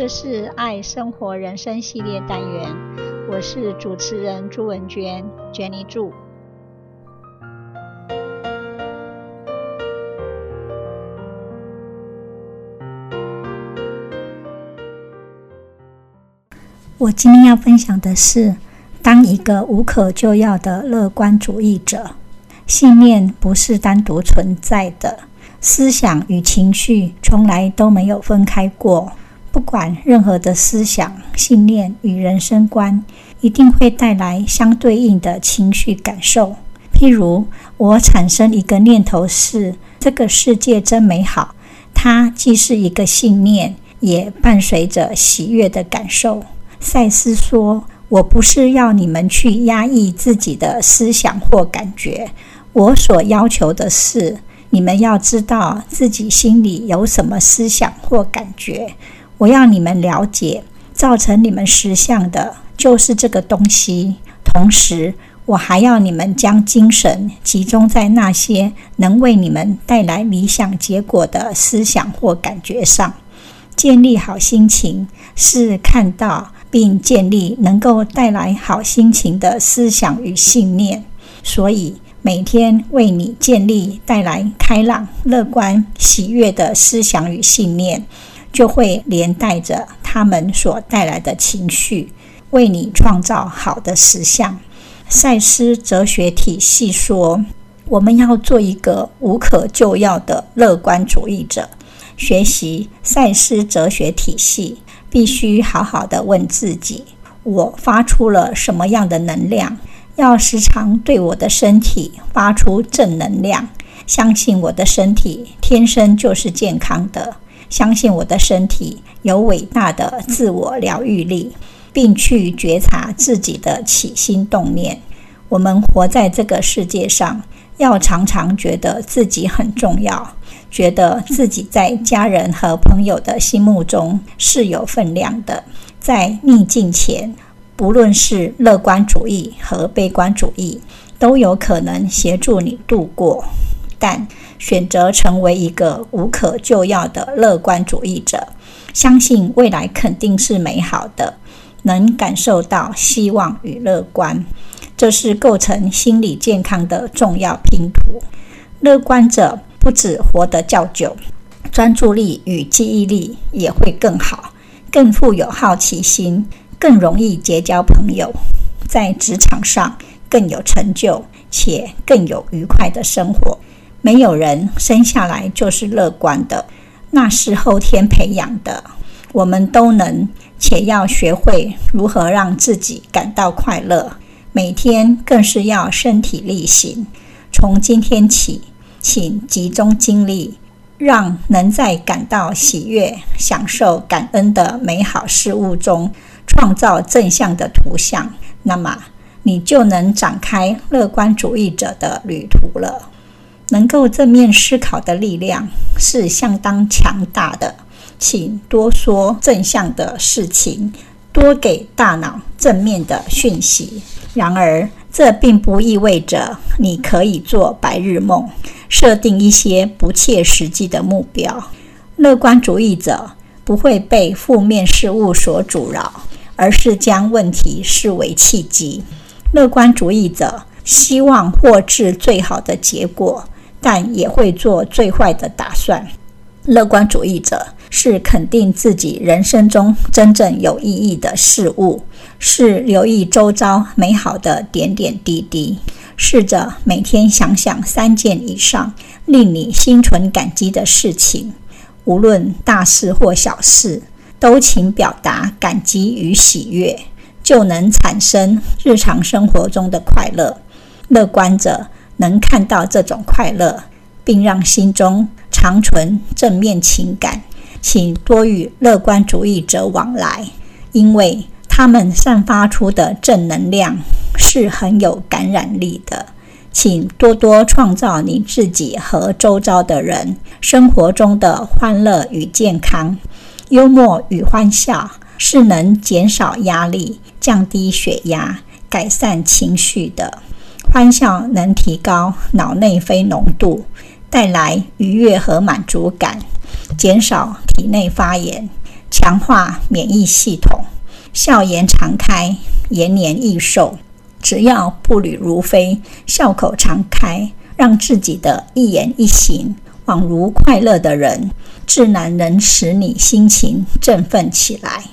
這是愛生活人生系列單元，我是主持人朱文娟。娟妮住。我今天要分享的是：當一個無可救藥的樂觀主義者，信念不是單獨存在的，思想與情緒從來都沒有分開過。不管任何的思想、信念與人生觀，一定會帶來相對應的情緒感受。譬如，我產生一個念頭是“這個世界真美好”，它既是一個信念，也伴隨着喜悅的感受。賽斯說：“我不是要你們去壓抑自己的思想或感覺，我所要求的是，你們要知道自己心裡有什麼思想或感覺。”我要你們了解，造成你們實相的就是這個東西。同時，我還要你們將精神集中在那些能為你們帶來理想結果的思想或感覺上。建立好心情，是看到並建立能夠帶來好心情的思想與信念。所以，每天為你建立帶來開朗、樂觀、喜悅的思想與信念。就會連帶着他們所帶來的情緒，為你創造好的實相。賽斯哲學體系說，我們要做一個無可救藥的樂觀主義者。學習賽斯哲學體系，必須好好的問自己：我發出了什麼樣的能量？要時常對我的身體發出正能量，相信我的身體天生就是健康的。相信我的身體有偉大的自我療癒力，並去覺察自己的起心動念。我們活在這個世界上，要常常覺得自己很重要，覺得自己在家人和朋友的心目中是有分量的。在逆境前，不論是樂觀主義和悲觀主義，都有可能協助你度過。但選擇成為一個無可救藥的樂觀主義者，相信未來肯定是美好的，能感受到希望與樂觀，這是構成心理健康的重要拼圖。樂觀者不只活得較久，專注力與記憶力也會更好，更富有好奇心，更容易結交朋友，在職場上更有成就，且更有愉快的生活。沒有人生下來就是樂觀的，那是後天培養的。我們都能，且要學會如何讓自己感到快樂。每天更是要身體力行。從今天起，請集中精力，讓能在感到喜悅、享受感恩的美好事物中，創造正向的圖像，那麼你就能展開樂觀主義者的旅途了。能夠正面思考的力量，是相當強大的，請多說正向的事情，多給大腦正面的訊息。然而，這並不意味着你可以做白日夢，設定一些不切實際的目標。樂觀主義者不會被負面事物所阻撓，而是將問題視為契機。樂觀主義者希望獲致最好的結果。但也會做最壞的打算。樂觀主義者是肯定自己人生中真正有意義的事物，是留意周遭美好的點點滴滴，試着每天想想三件以上令你心存感激的事情，無論大事或小事，都請表達感激與喜悅，就能產生日常生活中的快樂。樂觀者，能看到這種快樂，並讓心中常存正面情感，請多與樂觀主義者往來，因為他們散發出的正能量是很有感染力的。請多多創造你自己和周遭的人生活中的歡樂與健康，幽默與歡笑是能減少壓力、降低血壓、改善情緒的。歡笑能提高腦內啡濃度，帶來愉悅和滿足感，減少體內發炎，強化免疫系統。笑顏常開，延年益壽。只要步履如飛，笑口常開，讓自己的一言一行恍如快樂的人，自然能使你心情振奮起來。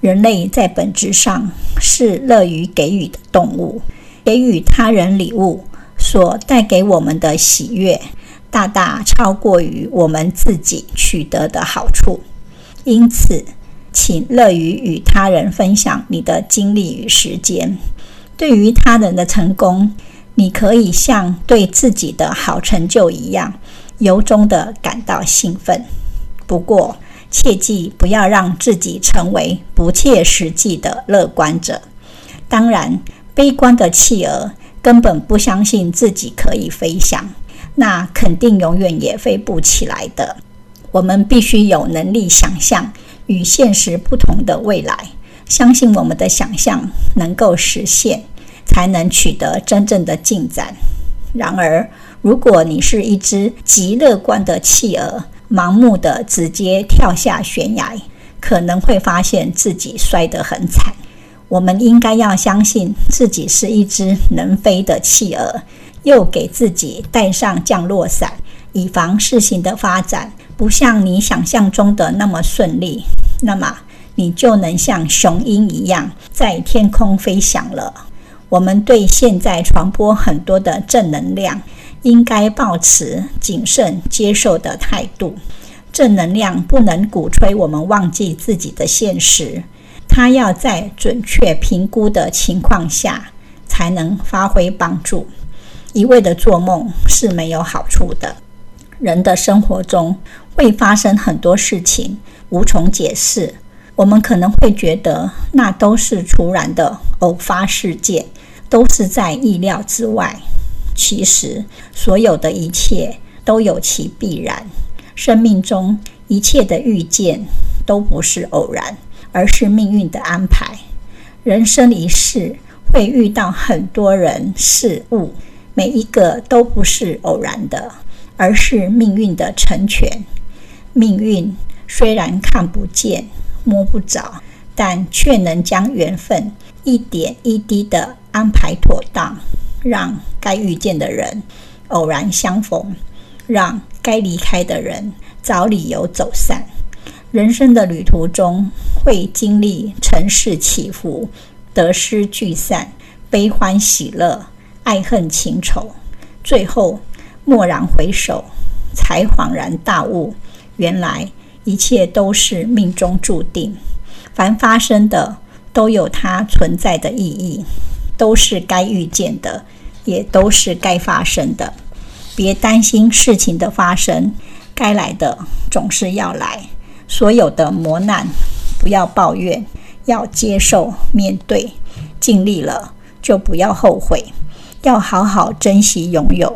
人類在本質上是樂於給予的動物。給予他人禮物所帶給我們的喜悅，大大超過於我們自己取得的好處。因此，請樂於與他人分享你的精力與時間。對於他人的成功，你可以像對自己的好成就一樣，由衷地感到興奮。不過，切記不要讓自己成為不切實際的樂觀者。當然，悲觀的企鵝根本不相信自己可以飛翔，那肯定永遠也飛不起來的。我們必須有能力想象與現實不同的未來，相信我們的想象能夠實現，才能取得真正的進展。然而，如果你是一隻極樂觀的企鵝，盲目地直接跳下懸崖，可能會發現自己摔得很慘。我們應該要相信自己是一只能飛的企鵝，又給自己帶上降落傘，以防事情的發展不像你想象中的那麼順利。那麼，你就能像雄鷹一樣在天空飛翔了。我們對現在傳播很多的正能量，應該抱持謹慎接受的態度。正能量不能鼓吹我們忘記自己的現實。它要在準確評估的情況下才能發揮幫助。一味的做夢是沒有好處的。人的生活中會發生很多事情，無從解釋。我們可能會覺得那都是突然的偶發事件，都是在意料之外。其實，所有的一切都有其必然。生命中一切的遇見都不是偶然。而是命運的安排。人生一世，會遇到很多人事物，每一個都不是偶然的，而是命運的成全。命運雖然看不見、摸不着，但卻能將緣分一點一滴地安排妥當，讓該遇見的人偶然相逢，讓該離開的人找理由走散。人生的旅途中，會經歷塵世起伏、得失聚散、悲歡喜樂、愛恨情仇，最後驀然回首，才恍然大悟，原來一切都是命中注定。凡發生的，都有它存在的意義，都是該遇見的，也都是該發生的。別擔心事情的發生，該來的總是要來。所有的磨難，不要抱怨，要接受面對，盡力了就不要後悔，要好好珍惜擁有。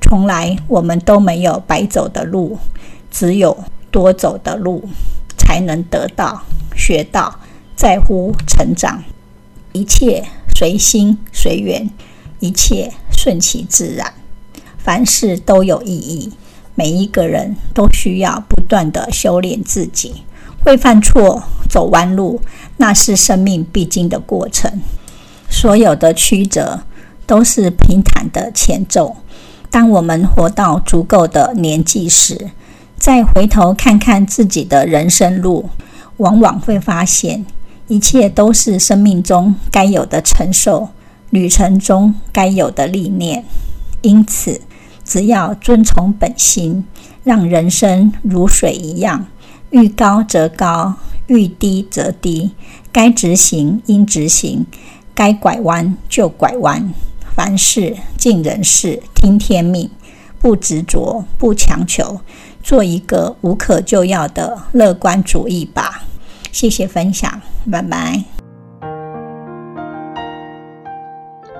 從來我們都沒有白走的路，只有多走的路才能得到、學到、在乎、成長。一切隨心隨緣，一切順其自然，凡事都有意義。每一個人都需要不斷地修煉自己，會犯錯、走彎路，那是生命必經的過程。所有的曲折都是平坦的前奏。當我們活到足夠的年紀時，再回頭看看自己的人生路，往往會發現，一切都是生命中該有的承受，旅程中該有的歷練。因此，只要遵從本心，讓人生如水一樣，遇高則高，遇低則低。該直行應直行，該拐彎就拐彎。凡事盡人事，聽天命，不執着，不強求，做一個無可救藥的樂觀主義吧。謝謝分享，拜拜。